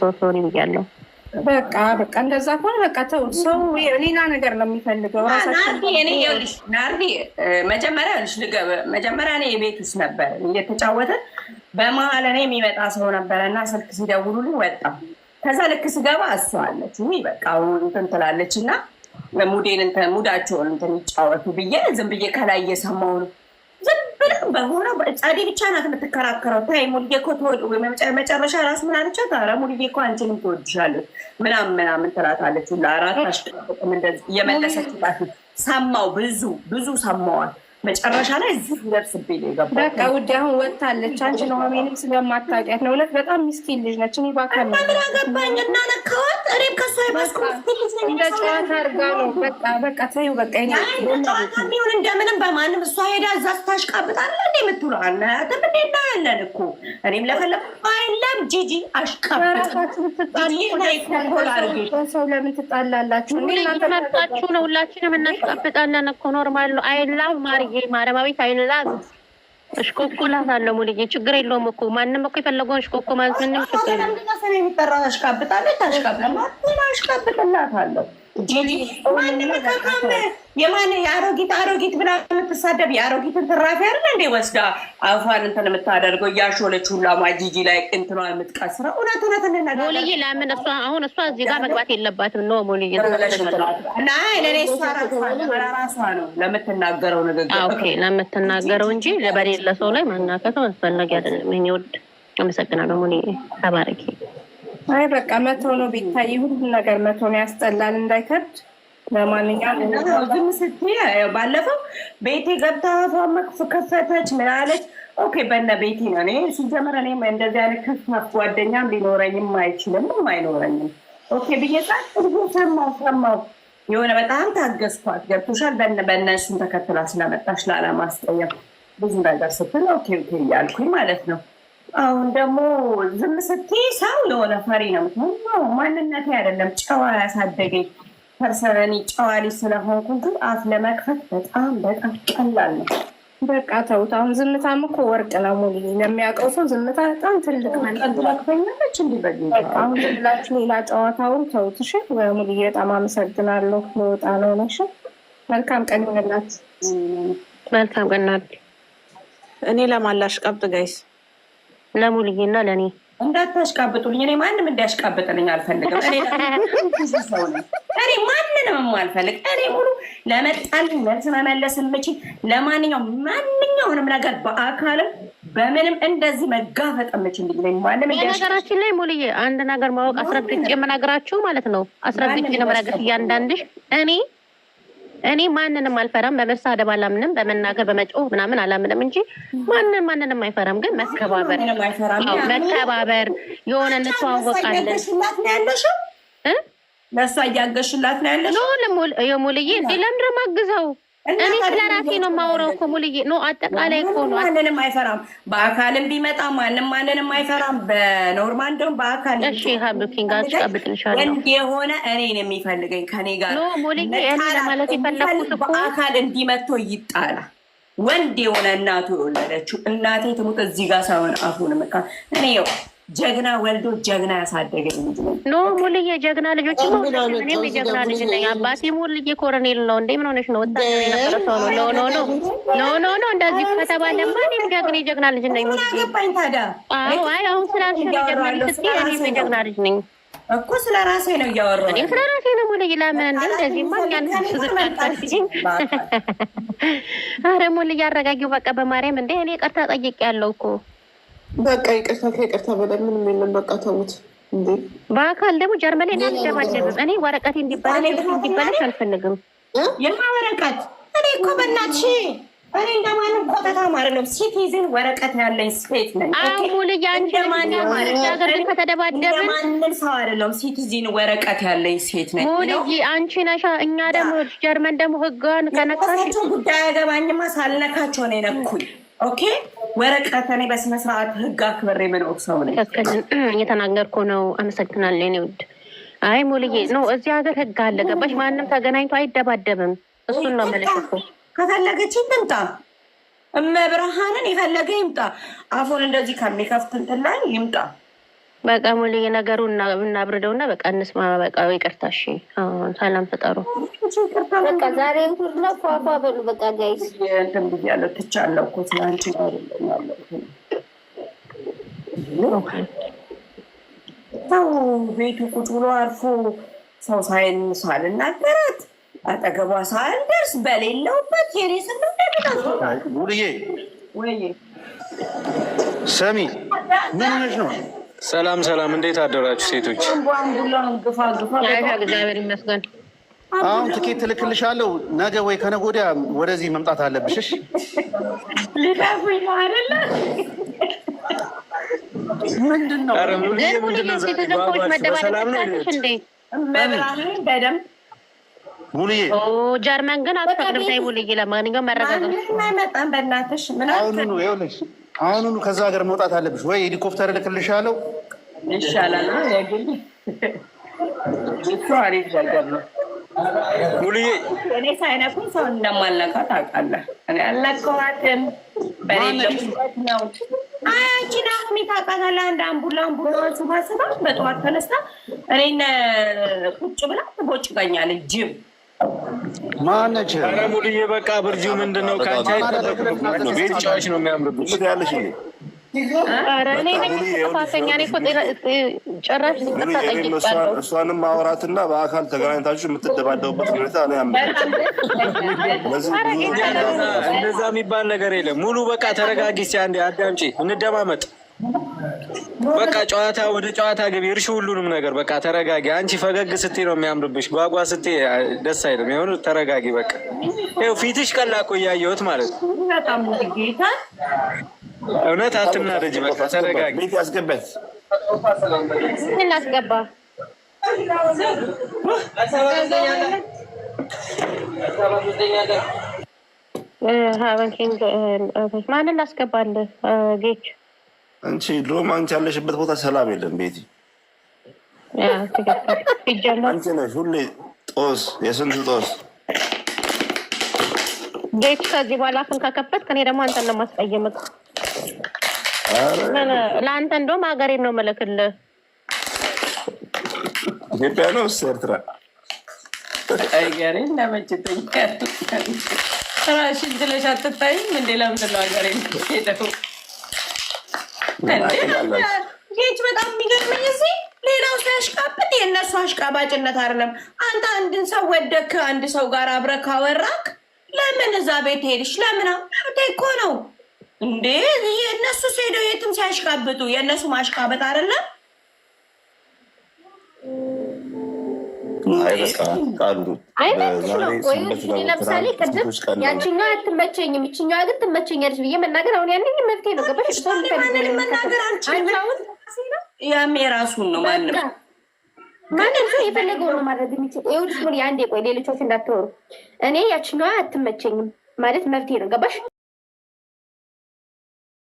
ሰው ሲሆን ብያለሁ። በቃ በቃ እንደዛ ከሆነ በቃ ተው። ሰው ሌላ ነገር ነው የሚፈልገው። ናርዲ መጀመሪያ ልጅ መጀመሪያ እኔ የቤት ውስጥ ነበር እየተጫወተን፣ በመሀል እኔ የሚመጣ ሰው ነበረ እና ስልክ ሲደውሉልኝ ወጣ። ከዛ ልክ ስገባ አስባለች በቃ እንትን ትላለች እና ሙዴን ሙዳቸውን እንትን ይጫወቱ ብዬ ዝም ብዬ ከላይ እየሰማው ነው በሆነው ጸዴ ብቻ ናት የምትከራከረው። ታይ ሙልጌ እኮ መጨረሻ ራስ ምን አለቻት? ኧረ ሙልጌ እኮ አንቺንም ትወድሻለች ምናምን ምናምን ትላታለች። ለአራት አሽቅም እንደዚህ እየመለሰችላት ሰማው። ብዙ ብዙ ሰማዋል። መጨረሻ ላይ እዚህ ለብስብኝ ነው የገባሁት። በቃ ውድ አሁን ወጥታለች። አንቺ ኑሃሚንም ስለማታውቂያት ነው። እውነት በጣም ምስኪን ልጅ ነች። እኔ እባክህ ምን አገባኝ እናነካዋት። እኔም ከእሷ እንደ ጨዋታ አድርጋ ነው። በቃ በቃ ተይው በቃ ሚሆን እንደምንም በማንም እሷ ሄዳ እዛ ስታሽቃብጣለ እንደ የምትውለው አናያትም እንዴ? እናያለን እኮ እኔም ለፈለግ አይለም ጂጂ አሽቃብጣችሁ ሰው ለምን ትጣላላችሁ? እናንተ መጣችሁ ነው። ሁላችንም እናሽቃብጣለን እኮ ኖርማል ነው። አይላም ማሪ ማረማዊ ሳይንላዝ እሽኮኮላ ሳለው ሙልዬ ችግር የለውም እኮ ማንም እኮ የፈለገውን እሽኮኮ ማለት ምንም ችግር የለውም። የሚጠራው አሽካብጣለች አሽካብጣ የማን የአሮጊት አሮጊት ብላ የምትሳደብ የአሮጊትን ትራፊ አይደል እንዴ ወስዳ አፏን እንትን የምታደርገው እያሾለች ሁላ ማጂጂ ላይ እንትኗ የምትቀስረው እውነት እውነት እንነጋገር። ለምን እሷ አሁን እሷ እዚህ ጋር መግባት የለባትም ነው ሞልዬ ለእኔ እሷ ራሷ ነው ለምትናገረው ንግግር ለምትናገረው እንጂ ለበሌለ ሰው ላይ ማናከተው አስፈላጊ አይደለም። ኔ ወድ አመሰግናለሁ ሙኒ ተባረኪ። አይ በቃ መተው ነው ቢታይ ሁሉ ነገር መተው ነው ያስጠላል፣ እንዳይከብድ። ለማንኛውም ዝም ስትይ ባለፈው ቤቴ ገብታ አፏን ከፈተች ምን አለች? ኦኬ በእነ ቤቴ ነው። እኔ ሲጀመር እኔም እንደዚህ አይነት ከፋፍ ጓደኛም ሊኖረኝም አይችልም አይኖረኝም። ኦኬ ብዬ ጻት ሰማው ሰማው የሆነ በጣም ታገዝኳት። ገብቶሻል። በነሱን ተከትላ ስለመጣች ላለማስቀየም ብዙ ነገር ስትል ኦኬ ኦኬ እያልኩኝ ማለት ነው አሁን ደግሞ ዝም ስትይ ሰው የሆነ ፈሪ ነው። ማንነት አይደለም ጨዋ ያሳደገኝ ፐርሰናኒ ጨዋ ልጅ ስለሆንኩ ግን አፍ ለመክፈት በጣም በጣም ቀላል ነው። በቃ ተውት። አሁን ዝምታም እኮ ወርቅ ነው። ሙሉ ለሚያውቀው ሰው ዝምታ በጣም ትልቅ መጠላክተኛለች። እንዲበአሁን ብላችሁ ሌላ ጨዋታውን ተውት። ተውትሽ። ሙሉ በጣም አመሰግናለሁ። ለወጣ ነው ነሽ። መልካም ቀን ይሆንላት። መልካም ቀናት። እኔ ለማላሽ ቀብጥ ጋይስ ለሙልዬና ለእኔ እንዳታሽቃብጡልኝ። እኔ ማንም እንዲያሽቃብጥልኝ አልፈልግም። ሰው እኔ ማንንም አልፈልግ። እኔ ሙሉ ለመጣልኝ መልስ መመለስ የምችል ለማንኛውም ማንኛውንም ነገር በአካልም በምንም እንደዚህ መጋፈጥ የምችል ልኝ ማንም። ነገራችን ላይ ሙልዬ አንድ ነገር ማወቅ አስረግጬ የምነግራችሁ ማለት ነው። አስረግጬ ነው የምነግርሽ እያንዳንድሽ እኔ እኔ ማንንም አልፈራም። በመሳደብ አላምንም፣ በመናገር በመጮህ ምናምን አላምንም እንጂ ማንን ማንንም አይፈራም። ግን መከባበር መከባበር የሆነ እንተዋወቃለን። ለእሷ እያገሽላት ነው ያለሽ የሙልዬ እንዲ ለምድር ማግዘው እኔ ስለራሴ ነው የማወራው እኮ ሙሉዬ። አጠቃላይ እኮ ነው። ማንንም አይፈራም። በአካልም ቢመጣ ማንም ማንንም አይፈራም። በኖርማል እንደውም በአካል እሺ፣ ወንድ የሆነ እኔን የሚፈልገኝ ከኔ ጋር ኖ ሙሉዬ፣ እኔ ለማለት የፈለኩት እኮ በአካል ይጣላ ወንድ የሆነ እናቱ የወለደችው እናቴ ትሙት እዚህ ጋር ሳይሆን አፉን ምካ እኔ ጀግና ወልዶ ጀግና ያሳደገኝ ልጅ ነው። ኖ ሙልዬ ጀግና ልጆች እኔም የጀግና ልጅ ነኝ። አባቴ ሙልዬ ኮረኔል ነው። እንደ ምን ሆነሽ ነው? ወታደር የነበረ ሰው ነው። ኖ ኖ ኖ ኖ ኖ እንደዚህ ከተባለማ እኔም ጀግና የጀግና ልጅ ነኝ። ገባኝ ታዲያ። አይ አሁን ስላልሽ ጀግና ልጅ ስ እኔም የጀግና ልጅ ነኝ እኮ ስለ ራሴ ነው እያወራሁ። እኔም ስለ ራሴ ነው ሙልዬ። ለምን እንደ እንደዚህማ እኛን አረ ሙልዬ አረጋጊው በቃ በማርያም እንደ እኔ ቀርታ ጠይቄ ያለው እኮ በቃ ይቅርታ ከይቅርታ በላይ ምንም የለም። በቃ ተዉት። በአካል ደግሞ ጀርመን ላይ አንደባደብም። እኔ ወረቀት እንዲበላሽ አልፈልግም። የማ ወረቀት እኔ እኮ በእናትሽ እኔ እንደማንም ኮተታ ማለት ነው። ሲቲዝን ወረቀት ያለኝ ስፌት ነኝ። አሁን አንቺ ከተደባደብን ማንም ሰው አይደለም። ሲቲዝን ወረቀት ያለኝ ሴት ነኝ። ሙሉ አንቺ ነሻ። እኛ ደግሞ ጀርመን ደግሞ ህጋን ከነካሽ ጉዳይ አገባኝማ። ሳልነካቸው ነው የነኩኝ ኦኬ ወረቀት እኔ በስነ ስርዓት ህግ አክብሬ የምኖር ሰው ነኝ። እየተናገርኩ ነው። አመሰግናለሁ የእኔ ውድ። አይ ሙልዬ ነው እዚህ ሀገር ህግ አለ ገባሽ? ማንም ተገናኝቶ አይደባደብም። እሱን ነው መለሽ። ከፈለገች ትምጣ፣ እመብርሃንን የፈለገ ይምጣ። አፉን እንደዚህ ከሚከፍት እንትን ላይ ይምጣ። በቃ ሙሉ ነገሩ እናብርደው እና በቃ እንስማ። በቃ ይቅርታ፣ እሺ፣ ሰላም ፍጠሩ። ፏፏ በሉ። በቃ ጋይስ እንትን ብያለሁ፣ ትቻለሁ እኮ ቤቱ ቁጭ ብሎ አርፎ ሰው ሳይን ሳልናገራት አጠገቧ ሳልደርስ በሌለውበት የኔ ስም ሙሉዬ፣ ምን ሆነሽ ነው? ሰላም ሰላም፣ እንዴት አደራችሁ ሴቶች? ይመስገን። አሁን ትኬት ትልክልሻለሁ። ነገ ወይ ከነገ ወዲያ ወደዚህ መምጣት አለብሽ። ግን ሙሉዬ ጀርመን ግን አትፈቅድም። ሙሉዬ፣ ለማንኛውም መረጋጋት አይመጣም። በእናትሽ ምን ነው ይኸውልሽ አሁኑኑ ከዛ ሀገር መውጣት አለብሽ ወይ ሄሊኮፕተር እልክልሻለሁ ይሻላል። እኔ ሰው እንደማልነካ ታውቃለህ። አልነካኋትም። በሌለበት ነው ታውቃታለህ። አንድ አምቡላ በጠዋት ተነስታ እኔን ቁጭ ብላ ትቦጭቀኛለች ማነች? ኧረ ሙሉዬ በቃ ብርጂው ምንድን ነው? ከአንቺ አይጠበቅም። ቤት ጫዋች ነው የሚያምርብሽ። ምን ያለሽ እንዴ? ኧረ ነኝ ጥፋተኛ። እኔ እኮ ጭራሽ ይቅርታ እሷንም ማውራትና በአካል ተገናኝታችሁ የምትደባደቡበት ሁኔታ እኔ እንደዛ የሚባል ነገር የለም። ሙሉ በቃ ተረጋጊ፣ እስኪ አንዴ አዳምጪ፣ እንደማመጥ በቃ ጨዋታ ወደ ጨዋታ ገቢ እርሺ፣ ሁሉንም ነገር በቃ ተረጋጊ። አንቺ ፈገግ ስትይ ነው የሚያምርብሽ፣ ጓጓ ስትይ ደስ አይልም። የሆነ ተረጋጊ በቃ ው ፊትሽ ቀላቆ እያየሁት ማለት ነው። እውነት አትናደጅ፣ በቃ ተረጋጊ። ያስገበት እናስገባ ማንን ላስገባልህ ጌች አንቺ ድሮም አንቺ ያለሽበት ቦታ ሰላም የለም። ቤቲ አንቺ ነሽ ሁሌ ጦስ፣ የስንት ጦስ። ቤቱ ከዚህ በኋላ አፍን ከከፈትክ እኔ ደግሞ አንተን ነው የማስቀየምህ። ለአንተ እንደውም ሀገሬን ነው የምልክልህ። ኢትዮጵያ ነው እሱ ኤርትራ ሀገሬን ለመችቶኝ ስራሽን ትለሽ አትታይም እንዴ? ለምንድን ነው ሀገሬን ሄደው ጌች በጣም የሚገርመኝ እዚህ ሌላው ሲያሽቃብጥ የእነሱ አሽቃባጭነት አይደለም። አንተ አንድን ሰው ወደክ አንድ ሰው ጋር አብረ ካወራክ ለምን እዛ ቤት ሄድሽ? ለምን መብቴ እኮ ነው እንዴ! የእነሱ ሄደው የትም ሲያሽቃብጡ የእነሱ ማሽቃበጥ አይደለም ለምሳሌ ቅድም ያችኛዋ አትመቸኝም ይችኛዋ ግን ትመቸኛለች ብዬ መናገር አሁን መፍትሄ ነው። ገባሽ? ያም የራሱን ነው ማንም ማንም ሰው የፈለገው ነው ማድረግ የሚችል ቆይ እንዳትወሩ። እኔ ያችኛዋ አትመቸኝም ማለት መፍትሄ ነው። ገባሽ?